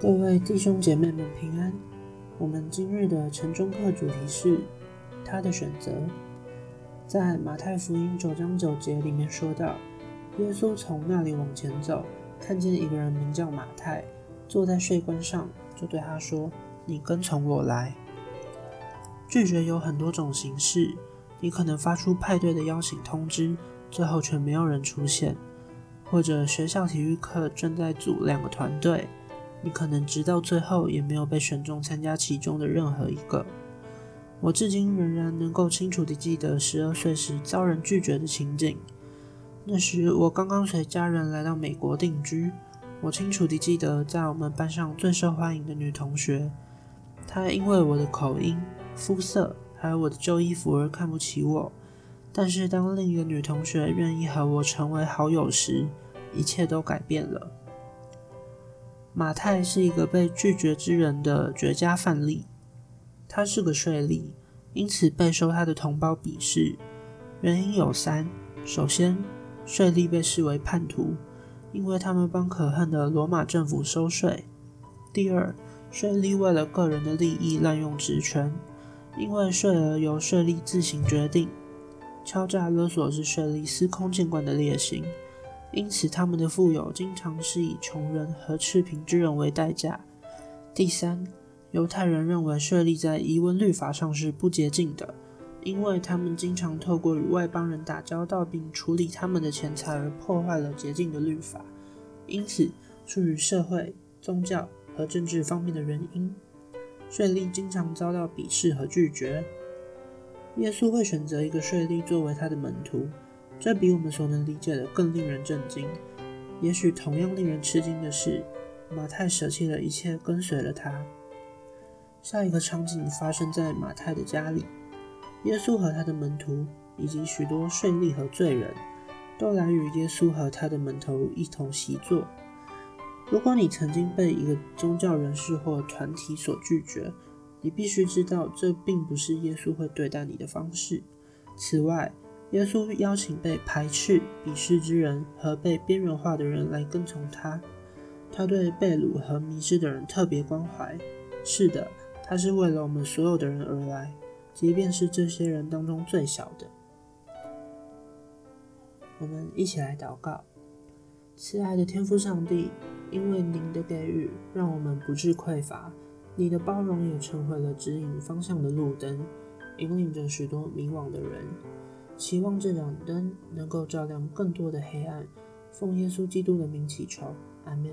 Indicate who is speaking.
Speaker 1: 各位弟兄姐妹們平安。我們今日的晨鐘課主題是他的選擇。在馬太福音九章九節裡面說到，耶穌從那裡往前走，看見一個人名叫馬太，坐在稅關上，就對他說：“你跟從我來。”拒絕有很多種形式，你可能發出派對的邀請通知，最後卻沒有人出現，或者學校體育課正在組兩個團隊。你可能直到最後也沒有被選中參加其中的任何一個。我至今仍然能夠清楚地記得十二歲時遭人拒絕的情景。那時我剛剛隨家人來到美國定居。我清楚地記得，在我們班上最受歡迎的女同學，她因為我的口音、膚色，還有我的舊衣服而看不起我。但是當另一個女同學願意和我成為好友時，一切都改變了。馬太是一個被拒絕之人的絕佳範例。他是個稅吏，因此備受他的同胞鄙視。原因有三：首先，稅吏被視為叛徒，因為他們幫可恨的羅馬政府收稅；第二，稅吏為了個人的利益濫用職權，因為稅額由稅吏自行決定；敲詐勒索是稅吏司空見慣的劣行。因此，他們的富有經常是以窮人和赤貧之人為代價。第三，猶太人認為稅吏在猶太律法上是不潔淨的，因為他們經常透過與外邦人打交道並處理他們的錢財而破壞了潔淨的律法。因此，出於社會、宗教和政治方面的原因，稅吏經常遭到鄙視和拒絕。耶穌會選擇一個稅吏作為他的門徒。這比我們所能理解的更令人震驚。也許同樣令人吃驚的是，馬太捨棄了一切，跟隨了他。下一個場景發生在馬太的家裡。耶穌和他的門徒，以及許多稅吏和罪人，都來與耶穌和他的門徒一同席坐。如果你曾經被一個宗教人士或團體所拒絕，你必須知道，這並不是耶穌會對待你的方式。此外，耶穌邀請被排斥、鄙視之人和被邊緣化的人來跟從他。他對被擄和迷失的人特別關懷。是的，他是為了我們所有的人而來，即便是這些人當中最小的。我們一起來禱告：慈愛的天父上帝，因為您的給予，讓我們不致匱乏；你的包容也成為了指引方向的路燈，引領着許多迷惘的人。希望這盞燈能夠照亮更多的黑暗。奉耶穌基督的名祈求，阿門。